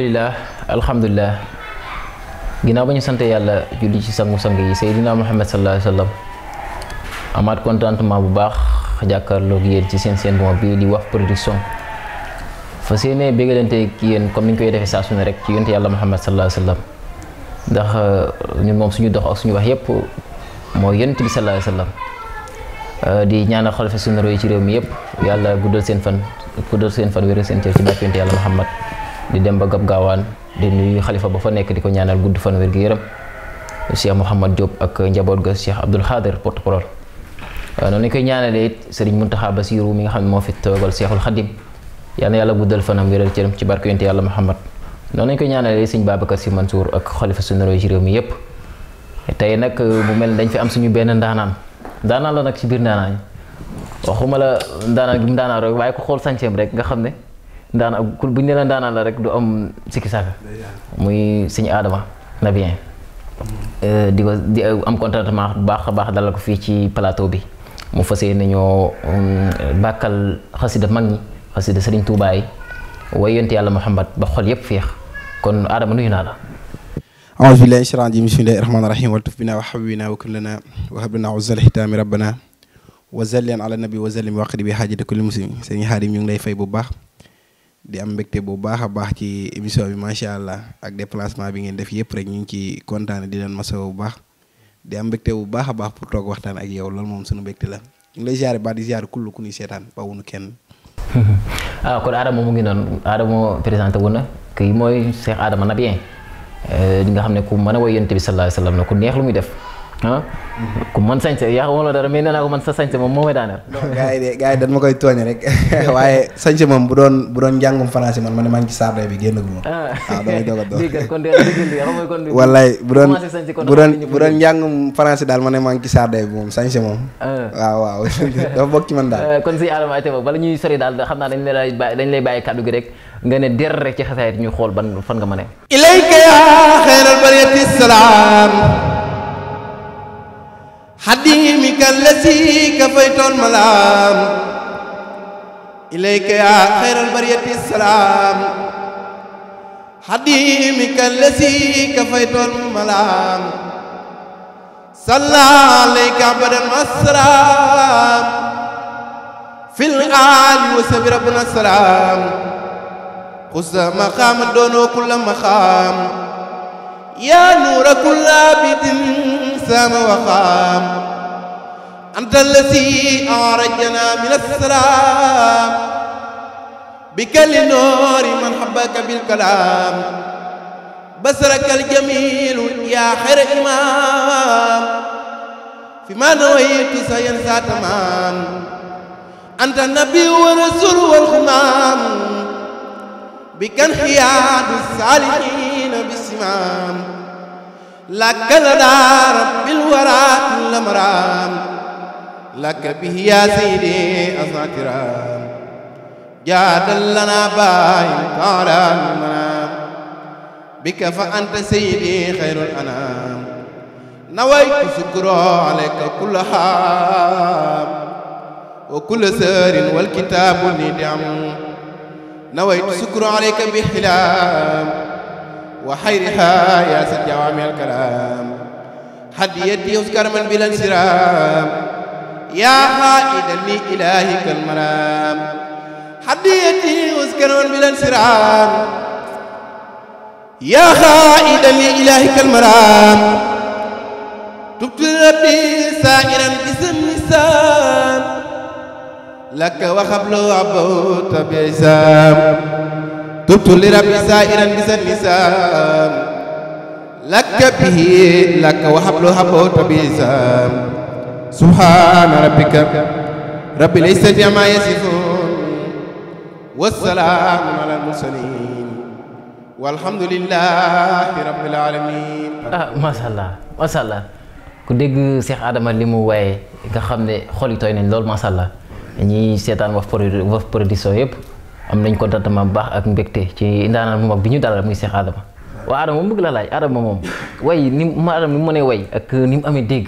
alhamdulillah alhamdulillah ginaaw bañu sante yalla ya, julli ci sangu-sang yi Muhammad sallallahu Alaihi Wasallam amat contentement bu baax gi yeen ci sen sen bon bi di Waf Production fasiyene seenee ki yeen comme ni ñu koy defé sa sunu rek ci yonte yalla Muhammad sallallahu Alaihi Wasallam. ndax ñun eh, mom suñu dox ak suñu wax yépp mo yonent bi sallallahu Alaihi Wasallam. Eh, di ñaanal xalifa sunu roy ci rew mi yépp yalla guddal sen fan guddal sen fan wéré sen ci ci bàkk yonte Muhammad di dem ba gab gawan di nuyu khalifa ba fa nek diko ñaanal gudd fan wer gi yaram Cheikh mohammed Diop ak njabot ga Cheikh abdul Khadir porte parole noonu ñu koy ñaanale it Serigne muntaha basirou mi nga xam mo fi togal Cheikhul Khadim yal na guddal fanam ci dem ci barke yent yalla Muhammad non ñu koy ñaanale Serigne babakar Sy Mansour ak sunu suñu jirew mi yep tay nak bu euh, mel dañ fi am suñu ben ndanan ndanan la nak ci bir ndanan waxuma la ndanan gi ndanan rek waaye ko xol sànceem rek nga xamne ndaanaan ku bu ñu nee ndaanaan la rek du am sikki sàkk muy sëñ Adama na bien euh, di ko di euh, am contentement bu baax a baax dalal ko fii ci palaato bi mu fas yéene ñoo um, bàkkal xasida mag ñi xasida sëriñ Tuubaa yi way yonte yàlla Muhammad ba xol yépp féex kon Adama nuyu naa la aouzu billahi shara rajim bismillahi rahmani rahim waltuf bina wa habibina wa kullana wa hablana uzal hitaami rabbana wa zallian ala nabi wa zallim waqdi bi haajati kulli muslim sëriñ Xaadim ñu ngi lay fay bu baax di am mbégte bu baax a baax ci émission bi macha allah ak déplacement bi ngeen def yëpp rek ñu ngi ci kontaane di leen masawu bu baax di am mbégte bu baax a baax pour toog waxtaan ak yow loolu moom sunu mbégte la ñu ngi lay ziare ba di ziare kull ku ñuy seetaan bawunu kenn. ah kon Adama mu ngi noonu Adama présenté wu na kii mooy Cheikh Adama Nabien ñi euh, nga xam ne ku mën a woy yonent bi sallallahu alayhi wa sallam la ku neex lu muy def. ah. ku mën sañse yaa xam wala dara mais nee naa ko man sa sañse moom moom may daaneel. non gars yi de gars koy tooñe rek waaye sañse moom bu doon bu doon njàngum français man ma ne ma. waaw ah. ah, damay doog a doog dégg kon dégg li xam nga kon. bu doon bu doon bu doon njàngum français daal ma ne maa ngi ci sarday bi moom sañse moom. Ah. waaw waaw dafa bokk ci man daal. Eh, kon si Adama ay bala ñuy sori daal xam naa dañ lay bàyyi dañ lay bàyyi kàddu gi rek nga ne der rek ci xasaayit ñu xool ba fan nga mën a. ilayka yaa xayral bariyati salaam حديمك الذي كفيت الملام إليك يا خير البرية السلام حديمك الذي كفيت الملام صلى عليك عبد المسلام في الآل وسبي ربنا السلام خذ مقام الدون وكل مقام يا نور كل عبد سام وقام أنت الذي أعرجنا من السلام بكل نور من حبك بالكلام بصرك الجميل يا خير إمام فيما نويت سينسى تمام أنت النبي والرسول والخمام بك انحياد الصالحين بالسمام لك لنا بالورى كل مرام لك به يا سيدي أساترام جاد لنا باي تعالى المنام بك فأنت سيدي خير الأنام نويت شكرا عليك كل حام وكل سر والكتاب ندعم نويت شكرا عليك بحلام وحيرها يا سيد جوامع الكلام حديتي أذكر من بلا انسرام يا حائدا لإلهك المنام حديتي أذكر من بلا انسرام يا خائدا لإلهك المرام تبت ربي سائرا باسم لسان لك وخبل عبوت بعزام تبت لربي سائرا بسن سام لك به لك وحبل حبوت بسام سبحان ربك رب العزة عما يصفون والسلام على المرسلين والحمد لله رب العالمين ah macha allah macha allah ku dégg Cheikh Adama li mu waaye nga xam ne xol yi tooy nañ lool macha allah ñiy seetaan Waf Production yëpp am nañ contentement bu baax ak mbégte ci ndaanaan moom bi ñu dalal muy Cheikh Adama waaw Adama moom bëgg la way ni ma Adama ni mu mënee way ak ni mu amee dégg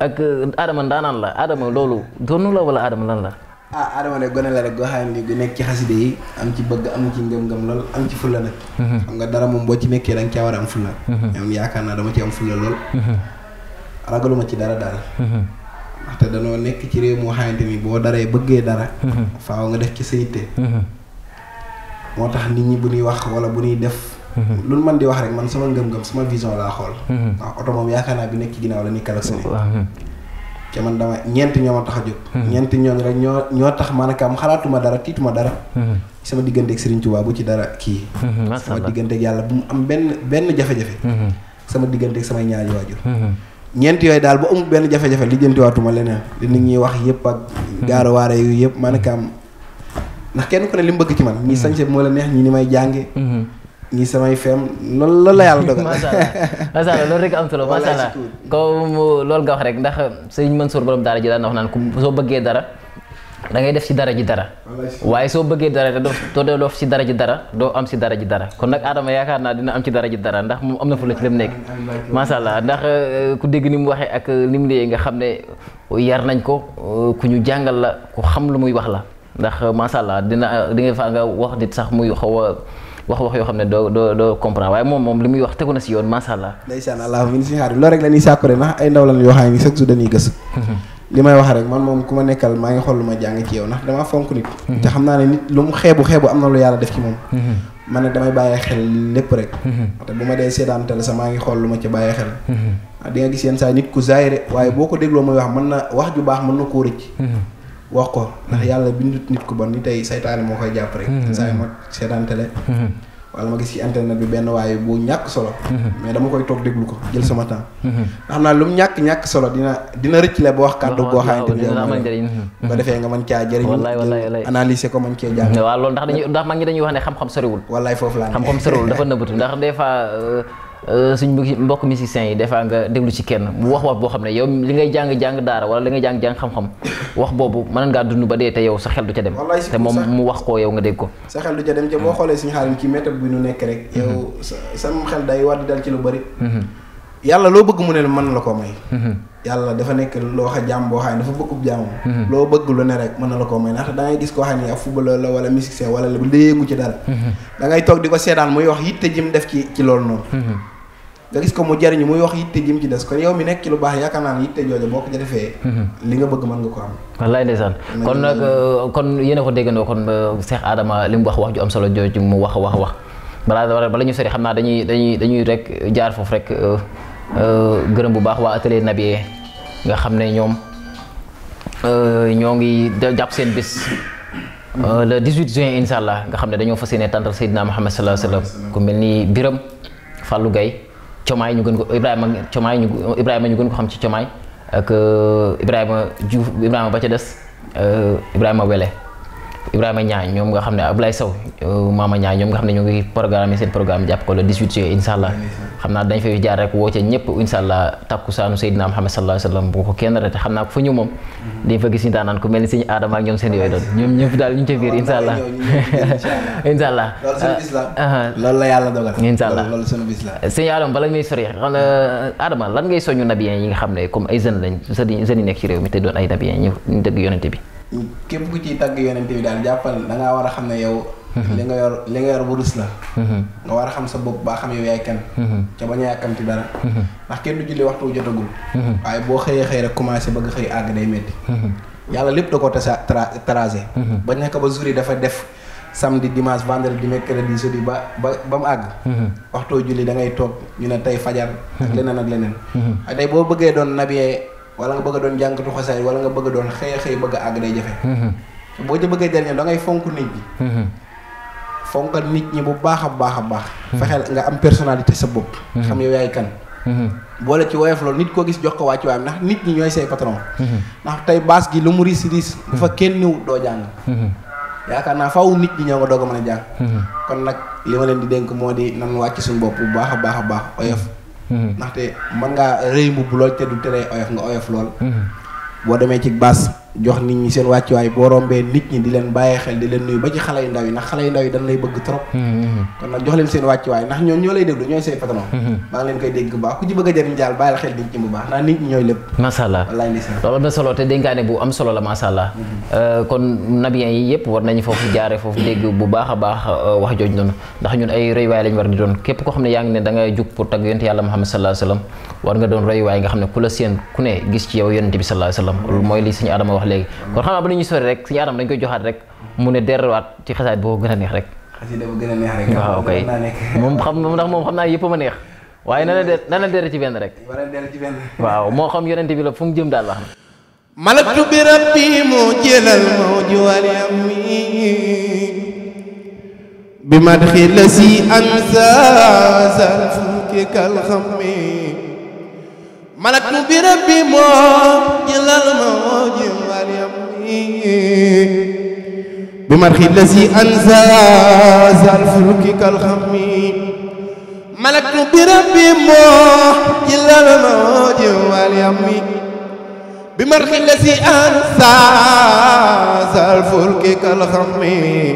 ak euh, Adama ndaanaan la Adama loolu doonu la wala Adama lan la. ah Adama de gone la rek goo xam ne gu nekk ci xaside yi am ci bëgg am ci ngëm-ngëm lool am ci fulla nag. da mhm. nga caa war a am fulla. Mhm. ñoom yaakaar naa dama ci am fulla lool. Mhm. ragaluma ci dara daal. ndaxte danoo nekk ci réew moo xamante ni boo daree bëggee dara. Mhm. faaw nga def ci sa mhm. moo tax nit ñi bu ñuy wax wala bu ñuy def. Mhm. lu man di wax rek man sama ngëm-ngëm sama vision laa xool. ndax oto moom yaakaar naa bi nekk ci ginnaaw la ni klaxonné. te man dama ñeenti ñoo ma tax a jóg. rek ñoo ñoo tax maanaam xalaatuma dara tiituma dara. sama diggante Serigne Touba bu ci dara kii. sama digganteeg yàlla bu mu am benn benn jafe-jafe. sama digganteeg samay ñaari waajur. ñeent yooyu daal bu amul benn jafe-jafe waatuma leneen li nit ñi wax yëpp ak hmm. gaaruwaare yu yëpp maanaam ndax kenn ku ne li mu ci man ñi hmm. sañse moo la neex ñi ni may jànge hmm. ñi samay feem loolu loolu la yàlla dogal macha allah macha allah loolu rek am solo macha allah comme loolu nga wax rek ndax sëñ Mansour borom daara ji daan wax naan ku soo bëggee dara da ngay def ci dara ji dara waaye soo bëggee dara te doo doo dara ji dara doo am ci dara ji dara kon nag Adama yaakaar naa dina am ci dara ji dara ndax moom am na fu la ci dem nekk macha allah ndax euh, ku dégg ni mu waxee ak ni mu léegi nga xam ne euh, yar nañ ko euh, ku ñu jàngal la ku xam lu muy wax la ndax macha allah dina di nga fa nga wax nit sax muy xaw a wax wax yoo xam ne doo doo doo comprendre waaye moom moom li muy wax tegu na si yoon macha allah. ndeysaan allah min si loolu rek la ñuy sàkku rek ndax ay ndaw lañ yoo xam ne chaque jour dañuy gëstu. li may wax rek man moom ku ma nekkal maa ngi xool lu ma jàng ci yow ndax damaa fonk nit. Mhm. te xam naa ne nit lu mu xeebu xeebu am na lu yàlla def ci moom. Mhm. man ne damay bàyyi xel lépp rek. Mhm. te ma dee seetaantal sa maa ngi xool lu ma ca bàyyi xel. Ah, di nga gis yenn saa nit boo ko dégloo muy wax mën na wax ju baax na ko ndax yàlla bindut nit ku bon ni tey saytaane moo koy jàpp rek. saa yu ma seetaantale. wala ma gis ci internet bi benn waaye bu ñàkk solo. mais dama koy toog déglu ko jël sama temps. xam naa lu mu ñàkk ñàkk solo dina dina rëccale ba wax kàddu goo xamante ni ba defee nga mën caa jëriñu. wallaay wallaay analyser ko mën cee jàng. waaw loolu ndax mag ñi dañuy wax ne xam-xam soriwul. wallaay foofu laa xam-xam soriwul dafa nëbbatu ndax des fois euh, Euh, suñu mbokk musicien yi defa nga deglu ci kenn bu wax wax bo xamne yow li ngay jang jang dara wala li ngay jang jang xam-xam wax bobu man nga dundu ba de te yow sa xel du ca dem te mom mu wax ko yow nga deg ko sa xel du ca dem ci bo xoolee suñu xalim ki metta bu ñu nekk rek mhm. yow sam xel day wad di dal ci lu bari mhm. yalla lo bëgg mu ne man la ko may mhm. yalla dafa nek lo xa jam bo xam dafa bëgg jam lo bëgg lu ne rek man la ko may nak da ngay gis ko xani ya footballeur la wala musicien wala léegu ci dara da ngay tok di sétal muy wax yitte jim def ci ci lool non nga gis ko mu jariñu muy wax yitte ji des kon yow mi nekk ci lu baax yaakaar naa ne yitte jooju boo ko ca defee. Mhm. li nga bëgg mën nga ko am. wallaay ndeysaan kon nag euh, kon yéen a ko déggandoo kon euh, Cheikh Adama li mu wax wax ju am solo jooju mu wax wax wax balaa bala ñu sori xam naa dañuy dañuy dañuy rek jaar foofu rek euh, gërëm bu baax waa atelier Nabiye nga xam ne ñoom ñoo ngi jàpp seen bis. le 18 juin incha allah nga xam ne dañoo fa yéene tàntal Seydina Muhammad sallallahu alayhi wa sallam ku mel ni Biram Fallou Gueye Diomaye ñu gën ko Ibrahima Diomaye ñu Ibrahima ñu gën ko xam ci Diomaye ak euh, Ibrahima Diouf Ibrahima ba ca des euh, Ibrahima Wele Ibrahima Niang ñoom nga xam ne Ablaye Sow euh, Mama Niang ñoom nga xam ne ñoo ngi programme seen programme jàpp ko le 18 juillet incha allah xam naa dañ fay jaar rek woo ca ñëpp incha allah takkusaanu Seydina Muhammad sallallahu Adama uh-huh. la yàlla dogal incha allah loolu sunu bis bala muy sori xam na Adama lan ngay soñu nabiyen yi nga xam ne comme ay jeunes lañ sa jeunes yi nekk ci réew mi te doon ay nabiyen ñu dëgg yonente bi képp ku ciy tàgg yonent bi daal jàppal da ngaa war a xam ne yow. li nga yor li nga yor wurus la. nga war a xam sa bopp baa xam yow yaay kan. ca bañ a yàkkamti dara. ndax kenn du julli waxtu jotagul. waaye boo xëyee xëy rek commencé bëgg xëy àgg day métti. yàlla lépp da ko tasa tracé. bañ nekk ba jour yi dafa def samedi dimanche vendredi mercredi jeudi ba ba ba mu mhm. àgg. waxtu julli da ngay toog ñu ne tey fajar. Mhm. ak leneen ak leneen. waaye mhm. tey boo bëggee doon nabiyee wala nga bëgg doon jànkatu xasaay wala nga bëgg doon xëy xëy bëgg àgg day jafe mhm. boo ci bëggee jëriñoo da ngay fonk nit ñi mhm. fonkal nit ñi bu baax a baax a baax mhm. fexeel nga am personnalité sa bopp xam yow yaay kan la ci woyof lool nit koo gis jox ko wàcc waayam ndax nit ñi ñooy say patron ndax tey baas gi lu mu riis riis bu fa kenn niw doo jàng yaakaar naa faaw nit ñi ñoo nga doog a mën a jàng kon nag li ma leen di dénk moo di nan wàcc suñu bopp bu baax a baax a baax oyof Mm-hmm. ndaxte mën ngaa rëy mbubb lool te du teree oyof nga oyof lool. Mm-hmm. boo demee ci baas jox nit ñi seen wàccuwaay boo rombee nit ñi di leen bàyyi xel di leen nuyu ba ci xale yu ndaw yi ndax bëgg trop hmm, hmm, hmm. kon nag a jëriñ daal bàyyil xel nit ñi bu na solo te dénkaane bu am solo la euh, yi yëpp war nañu foofu jaare foofu dégg bu baax a baax euh, wax jooj noonu ndax ñun ay royuwaay lañ war di doon képp koo xam ne yaa ngi ne da jug pour tag yonent yàlla Muhammad sallallahu alayhi wasallam war nga doon royuwaay nga xam ne ku la seen ku ne gis ci yow yonent bi sallallahu alayhi mooy li sëñ Adama wax wax legi kon xam bu ñu sori rek suñu adam dañ koy joxat rek mu ne wat ci bo gëna neex rek da bu gëna neex rek waaw kay mom xam ndax mom xam na yëpp ma neex waaye na la der na la der ci rek waaw xam bi la fu mu jëm daal wax na malaktu bi rabbi mo jëlal mo wal yammi bi بمرخي الذي أنزى زال فلك كالخمي ملكت بربي موح كل الموج واليمي بمرخي الذي أنزى زال فلك كالخمي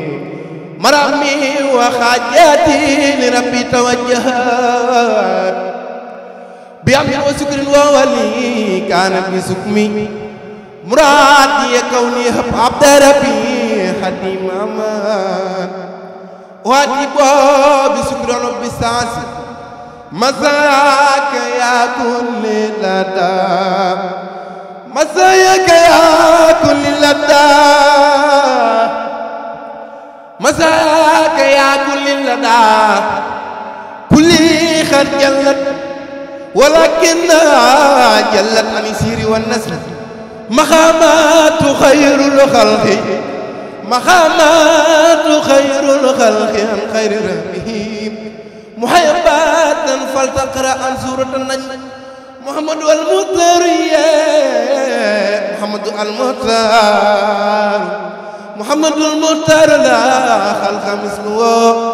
مرامي وخاجاتي لربي توجهت بأمر وسكر كان كانت بسكمي مرادي كوني عبد ربي خديم أمان وهاتي باب سكران بساس مساك يا كل لدى مساك يا كل لدى مساك يا كل لدى كل خرجلت ولكن جلت عن سيري والنسل مخامات خير الخلق مخامات خير الخلق عن خير رحمهم محبات فلتقرأ عن سورة النجم محمد المطرية محمد المطر محمد المطر لا خلق مثله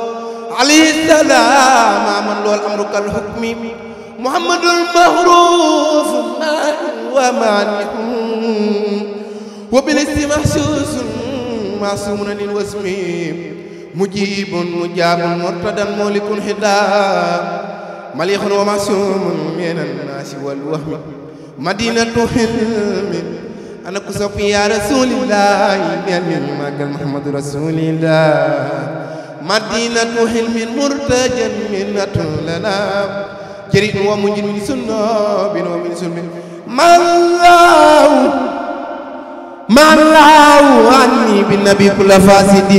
عليه السلام عمل الأمر كالحكم محمد المهروف ماء ومعنى وبالاسم محسوس معصوم للوسم مجيب مجاب مرتدا مولك الهدى مليخ ومعصوم من الناس والوهم مدينة حلم أنا كسوف يا رسول الله يعني ما محمد رسول الله مدينة حلم مرتجا منة لنا جريء ومنجن من سنة سنوب ومن سنب ما الله ما الله عني بالنبي كل فاسد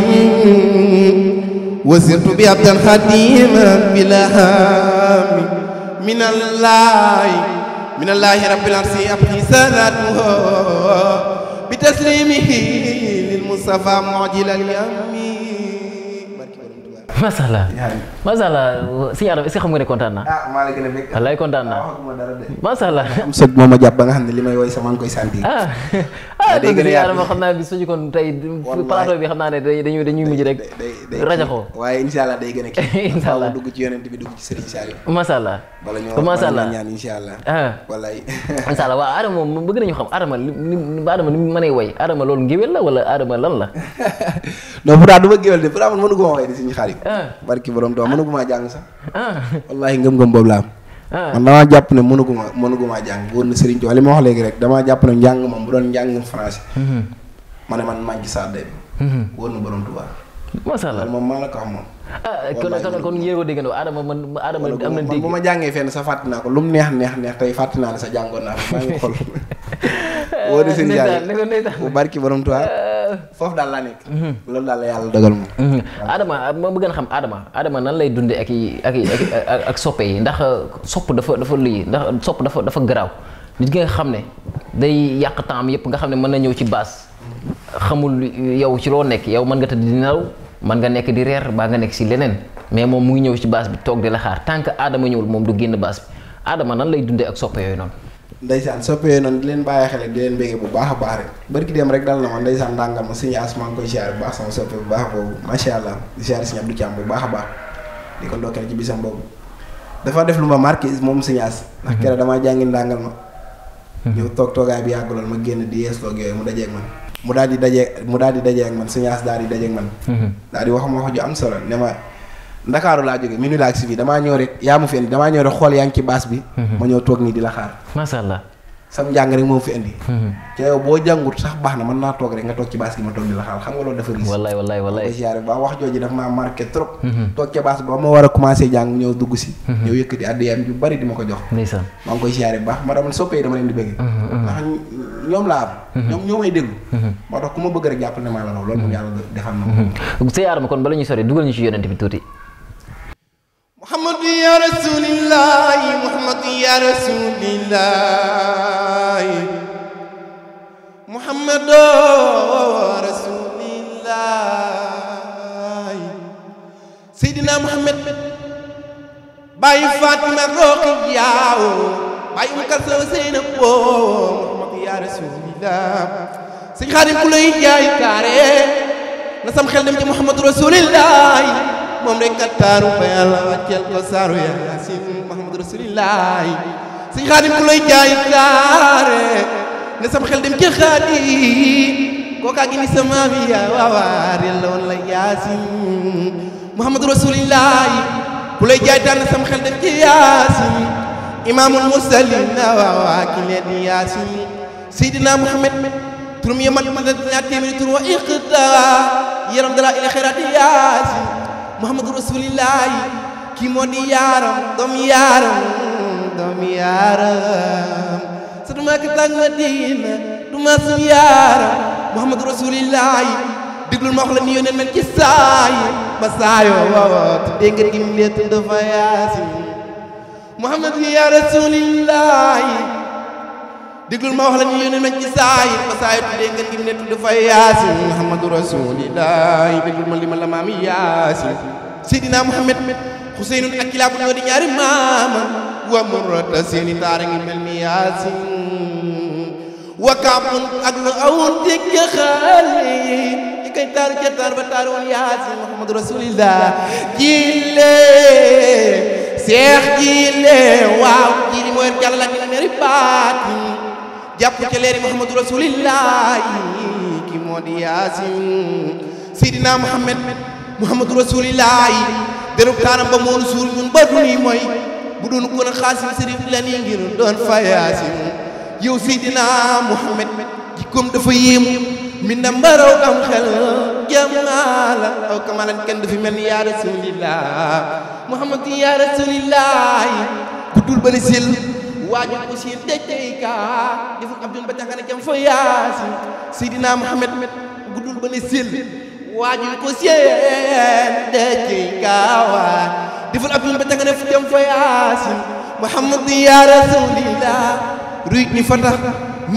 وسرت بعبدا خديما بلا هام من الله من الله رب العرش أبقي صلاته بتسليمه للمصطفى معجل اليمين macha allah macha allah sëñ Adama est-ce que xam nga ne kontaan naa. ah la gën a bëgg. wallaay kontaan naa ah, macha am sëg moom a jàpp ba nga xam ne li may woy sama koy sant. ah day gën a yaatu ma xam naa bi suñu kon tey plateau bi xam naa ne dañuy dañuy mujj rek. rajaxoo waaye incha allah day gën a kii. incha allah dugg ci bi dugg ci Serigne Saliou. macha allah bala ñoo macha allah ñaan incha allah. Ah. wallaay. incha allah waaw Adama moom bëgg nañu xam Adama li li Adama ni mu mënee way Adama loolu ngéwél la wala Adama lan la. non pourtant du ma géwél de pourtant man mënu ko ma way di suñu xarit. barki borom doom mënu ko maa jàng sax. Ah. wallaahi ngëm-ngëm boobu la am Ah. man damaa jàpp ne mënuguma mënugumaa jàng wóor na Serigne Touba li ma wax léegi rek damaa jàpp ne njàng moom bu doon njàng français mhm. ma ne man maa ngi ci sàddee bi mhm. wóor na borom Touba macha allah moom maa la ko wax moom ah kon kon kon yéego dégg na Adama man Adama am na dégg bu ma jàngee fenn sa fàtte ko lu mu neex neex neex tey fàtte ne sa jàngoon naa ko maa ngi xool wóor na seen jàng bu barki borom Touba foofu daal laa nekk. Mhm. loolu daal la yàlla dogal moom. Mhm. Adama ma bëgg a xam Adama Adama nan lay dunde ak ak ak soppe yi ndax uh, sopp dafa dafa lii ndax sopp dafa dafa garaaw nit nga xam ne day yàq temps yëpp nga xam ne mën na ñëw ci baas xamul yow ci loo nekk yow man nga tëdd di nelaw mën nga nekk di reer baa nga nekk si leneen mais moom mu ñëw ci baas bi toog di la xaar tant que Adama ñëwul moom du génn baas bi Adama nan lay dundee ak soppe yooyu noonu. ndeysaan soppee non di len baye xel di len béggee bu baax baax rek barki dem rek dal na ma ndeysaan dangal ma suñu asman ko ziar bu baax sama soppee bu baax bobu ma sha allah di siyaar suñu Abdou Thiam bu baax baax di ko ndokkeel ci bisam bobu dafa def luma marqué mom suñu as ndax keroog dama jangi ndàngal ma mhm. ñëw tok toogaay bi yagul ma genn di yes loog yooyu mu ak man mu daal di dajeeg mu daal di ak man suñu as daal di ak man mhm. daal di wax ma wax ju am solo ne ma Dakar la joge minu la ak dama ñew rek ya mu fi indi dama ñew rek xol yaa bass bi. Mhm. ma ñew tok ni di la xaar. macha allah. sam jang rek mo fi indi. ci mhm. yow bo jangut sax man na tok rek nga tok ci bass gi ma tok di la xaar xam nga lo dafa wallahi wallahi wallahi ci yar ba wax joji daf ma marqué trop. Mhm. tok ci bass ba ma war a commencé jàng ñëw dugg si. ñëw yëkkati yam ju bari di mako jox. ndeysaan ma ngoy koy ziare bu ma dama soppé dama leen di bëgg. ndax ñom la ñom ñomay dégg may déglu. moo bëgg rek jappal na ma la lool mu yalla defal na ko. siyaar ma kon ba lañu sori duggal ñu ci yonent bi tuti محمد يا رسول الله محمد يا رسول الله محمد رسول الله سيدنا محمد باي فاطمة روكي روقيا باي أم كلثوم زينب محمد يا رسول الله سيدي خادم كله يا كاري نسم خلدم محمد رسول الله moom rek a taaru fa yàlla wàcceel ko saaru yàlla si Muhammad Rasulillah sëñ Xaadim ku lay jaay jaare ne sama xel dem ci Xaadim kookaa gi ni sama mi yaa waawaar yàlla woon la yaasin Muhammad Rasulillah ku lay jaay tànn sama xel dem ci yaasin imaamul mursalin na waawaa ki leen di yaasin Seydina Muhammad turum ya mat ma ñaar téeméeri tur wa iqda yaram dara ila xiraati yaasin muhammadu rasulillahi kii moo di yaaram doom yaaram doom yaaram sa duma ki tàng madina duma sum yaaram muhammadu rasulillahi diglul ma wax la ni ba saayoo woot dégg nga dim leet dafa yaasin muhammadu ya rasulillahi déglul ma wax la ni yónni nañ ci saayir ba saayir tuddee ngeen gi ne tudd fay yaasin muhammadu rasulillahi déglul ma li ma la maam yaasin seydina muhammad xuseynun ak kilaabu ñoo ñaari maama wa murata seeni taara ngi ni yaasin wa kaabun ak lu awoon dégg xaalis kay taaru ca ba taaru yaasin muhammadu rasulillah jiile seex jiile waaw jiili mooy yàlla la a meri baat jàpp ca leeri muhammadu rasulillahi ki moo di yaasin seydina muhammad muhammadu rasulillahi derub taanam ba moonu suur ñun ba duni mooy bu doon kon a xaasim sëriñ la nii ngir doon fa yaasin yow seydina muhammad jikkoom dafa yéemu mi na mbaraw am xel jamaala aw kamalan kenn dafi mel ni yaa rasulillah muhammad yaa rasulillah ku dul ba ne sell waajur aussi dëjtey ka defum abdun ba taxana jam fa yaasi seydina muhammad guddul ba ne sel waajur ko seen dëjtey ka waa deful abdun ba taxana jam fa yaasi muhammad ya rasulillah ruyit ni fatax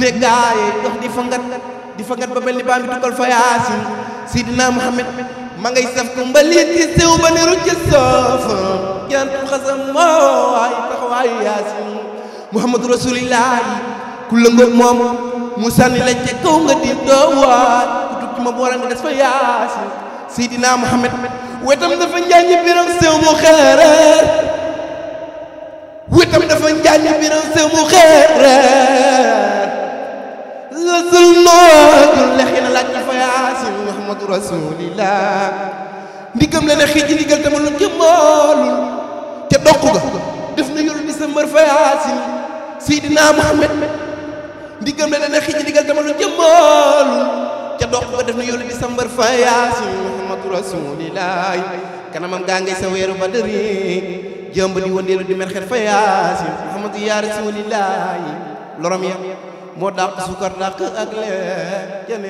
ne gaaye dox di ngat di ngat ba mel ni baa mi tukkal fa yaasi seydina muhammad ma ngay saf ko mbalit ci sew ba ne rucc soof jantu xasam moo waay yaasin muhammadu rasulillahi ku lëngoog moom mu sànni la ca nga di doowaat ku tukki ma boole nga des fa yaasin seydina muhammad wetam dafa njaañi biram sew mu xeereer wetam dafa njaañi biram sew mu xeereer la sul noojul lexi na laaj fa yaasin muhammadu rasulillah ndigam la ne xiiji ndigal tama lu ci moolul ca doq ga def na yoru di fa yaasin sidina Muhammad ndiggam la dana xiji digal dama lu jëmmal ca dox ba def na yólu bi sambar fa yaasu muhammadu rasulillah kanamam gaa gangé sa wéru badri dëri jëmb di wëndeelu di mer xet fa yaasu muhammadu ya rasulillah lorom ya mo dàq sukar dàq ak lee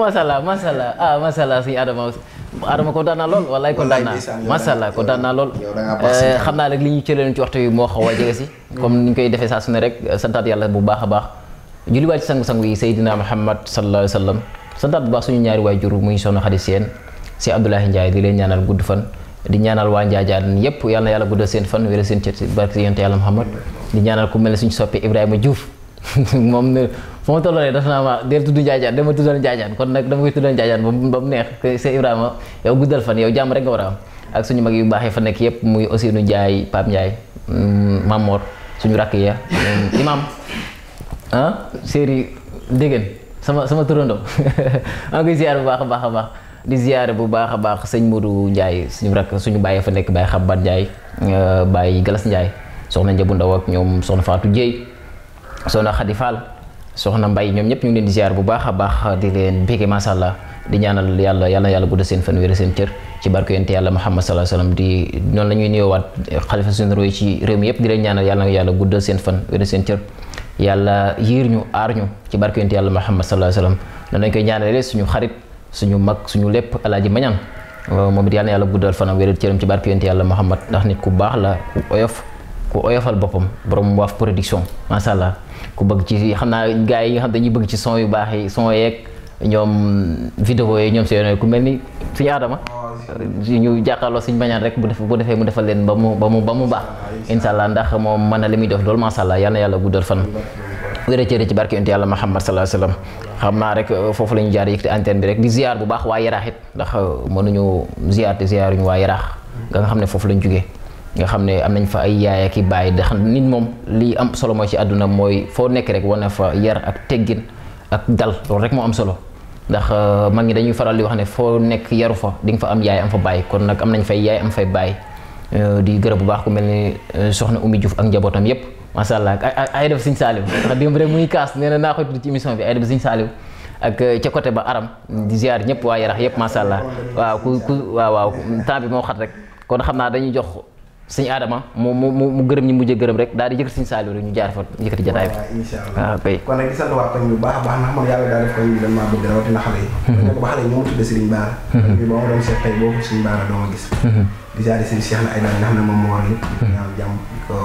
masala masala ah masala si adamaus Adama kontaan naa lool wallaay kontaan naa macha allah kontaan naa lool eh, xam naa rek li ñu cëlee ci waxtu moo xaw a jege si mm. comme ni ñu koy defee saa su ne rek santaat yàlla bu baax a baax julliwaat ci sangu-sangu yi Seydina Muhammad sallallahu alayhi wa sallam santaat bu baax ñu ñaari waajur muy soxna Xadi Seen si Abdoulaye Ndiaye di leen ñaanal gudd fan di ñaanal waa Njaajaan yépp yàlla na yàlla guddal seen fan wéral seen cër si barke yonent yàlla Muhammad di ku mel ne suñu soppe Ibrahima Diouf moom ne fu ma toll nii daf naa ma deel tudd njaajaan dama tuddal njaajaan kon nag dama koy tuddal njaajaan ba mu neex c'est Ibrahima yow guddal fan yow jàmm rek nga war a am ak suñu mag yu baax yi fa nekk yëpp muy aussi nu Ndiaye Pape Ndiaye mm, Mamor suñu rakk ya mm, imam ah, sama sama turandoo maa ngi bu baax baax a baax di ziar bu baax a baax sëñ Modou Ndiaye suñu rakk suñu bàyyi fa nekk bàyyi Xabbaat Ndiaye euh, bàyyi Galas Ndiaye soxna Njabu Ndaw ak ñoom soxna Fatou Dieye soxna khadifal Fall soxna Mbaye ñoom ñëpp ñu ngi leen di ziar bu baaxa baax di leen bége macha allah di ñaanal yalla yalla yalla gudd seen fan wér seen cër ci barku yent yalla Muhammad sallallahu alaihi wasallam di non lañuy ñuy nuyoowaat khalifa sun roy ci réew mi yëpp di leen ñaanal yalla yalla guddal seen fan wér seen cër yalla yir ñu ar ñu ci barku yent yalla Muhammad sallallahu alaihi wasallam lañ koy ñaanalee suñu xarit suñu mag suñu lépp alaaji mañan momit yalla yalla guddal fan wér cëram ci barku yent yalla Muhammad ndax nit ku baax la ku oyof ku oyofal boppam borom waaf production macha allah ku bëgg ci xam naa gars yi nga xam dañuy bëgg ci son yu baax yi son yeeg ñoom vidéo yi ñoom seen ku mel ni suñu aadama ñu jàkkaarloo suñu bañaan rek bu def bu defee mu defal leen ba mu ba mu ba mu baax incha allah ndax moom mën na li muy def loolu macha allah yàlla bu yàlla guddal fan wéracëri ci barke yonte yàlla Muhammad sallallahu alayhi wasallam xam naa rek uh, foofu la ñu jaar yëkkati antenne bi rek di ziar bu baax waa yaraax it ndax uh, mënuñu ziar te ziaruñu waa yaraax nga nga xam n foofu lañ jugee nga xam ne am nañ fa ay yaay ak i baay da xam nit moom lii am solo mooy ci àdduna mooy foo nekk rek wane fa yar ak teggin ak dal loolu rek moo am solo ndax euh, mag ñi dañuy faral di wax ne foo nekk yaru fa di nga fa am yaay am fa baay kon nag am nañ fay yaay am fay baay euh, di gërëm bu baax ku mel ni euh, soxna Oumy Diouf ak njabootam yépp macha allah ak ay def Sëñ Saaliw ndax démb rek muy kaas nee na naa ko tudd ci émission bi ay def Sëñ Saaliw ak ca côté ba aram di ziar ñëpp waa yarax yépp macha allah waaw ku ku waaw temps moo xat rek kon xam sëñ Adama mo mo mo gërëm ñi mujj gërëm rek daal di yëkkati sëñ Saliou rek ñu jaar fa yëkkati jotaay bi inshallah allah bay ah, kon nag di sant waa koñ bu baax baax ndax mo yalla daal def koñ bi dañ bëgg rawatina na xalé nekk ba xale yi ñoo ma tudde Serigne baara ñu mo ma doon seet tey boobu Serigne baara do ma gis mhm. di jaar di sëñ Cheikh na ay daal nga xam mo mo war lépp ñaan jam ko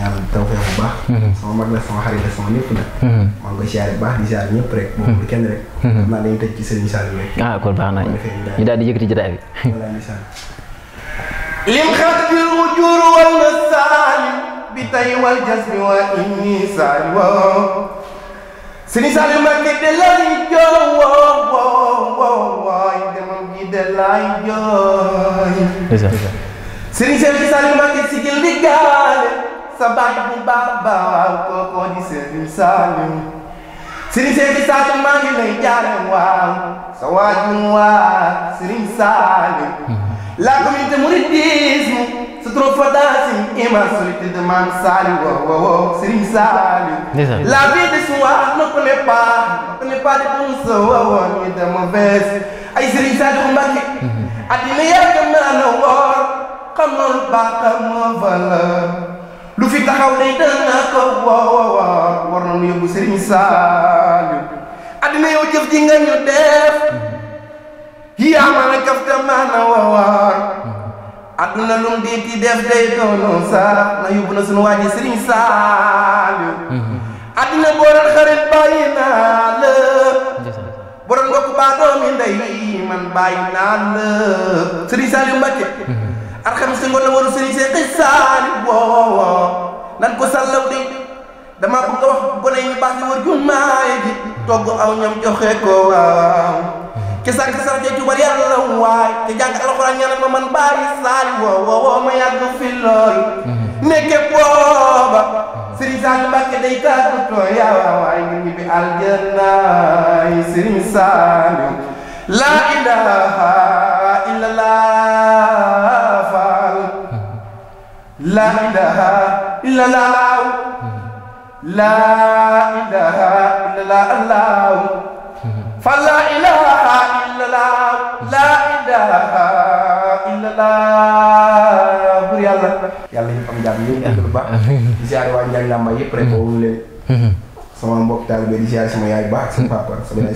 ñaan tawfeex bu baax mhm. sama mag la sama xarit la sama lépp la mhm. maa nga koy baax di jaar ñëpp rek moom du kenn rek xam lay dañuy ci Serigne Saliou rek ah kon baax na ñu daal di yëkkati jotaay bi inshallah للخطب الوجور والمسال بتي والجسم وإني سالوا سني سالم مكة دلالي جو واي دمم كيد دلالي جو سني سالم كيد سجل دقال سباك بابا وكوكو دي سالم سالم Sëriñ Seex Saaliw maa ngi lay jaar waaw sa waajum waa Sëriñ La communauté mouridisme se trouve dans une immense solitude de Mam Salim, wow, oh, wow, oh, wow, oh, Srim Salim. La vie de soi ne connaît pas, ne connaît pas de bons wow, ni de mauvaises. Ay Srim Salim Mbacke, mhm. àddina yàgg na la woor, xamal baax moo valeur. Lu fi taxaw lay dana ko wow, war nañu yóbbu Srim def. xiyaamana kafta maana wawaar adduna lum diiti def day doonoo na yóbbu na sunu waaji sëriñ Saaliw mm-hmm. adduna boo xarit bàyyi naa la boo doon bokk baa doomi ndey man bàyyi naa la sëriñ Saaliw Mbàkke mm-hmm. alxames si ngoon la waru sëriñ Seex nan ko sallaw di dama bëgg nga wax gone ñu baax ji togg aw ñam joxe ko waaw ke sa ke sara te jubal yalla waay te jang alquran yalla ma man bari sali wo wo wo ma yag fi lol nekke boba serigne sal mbacke day ta to ya waay ngi bi aljanna serigne sal la ilaha illallah fal la ilaha illallah hmm. la ilaha illallah hmm. fala ñu ngi lu baax. di ziare waa Njaañ Lamba yëpp rek boobu leen. sama mbokk taalibe di ziare bu baax nag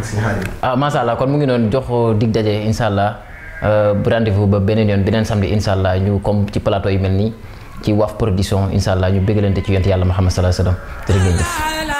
suñu xarit. ah macha kon mu ngi doon jox dig daje incha allah eh, bu rendez-vous ba beneen yoon beneen samedi incha ñu comme ci plateau yu mel nii ci wax Production incha allah ñu bëggalante ci yonent yàlla Muhammad sallallahu alayhi wa sallam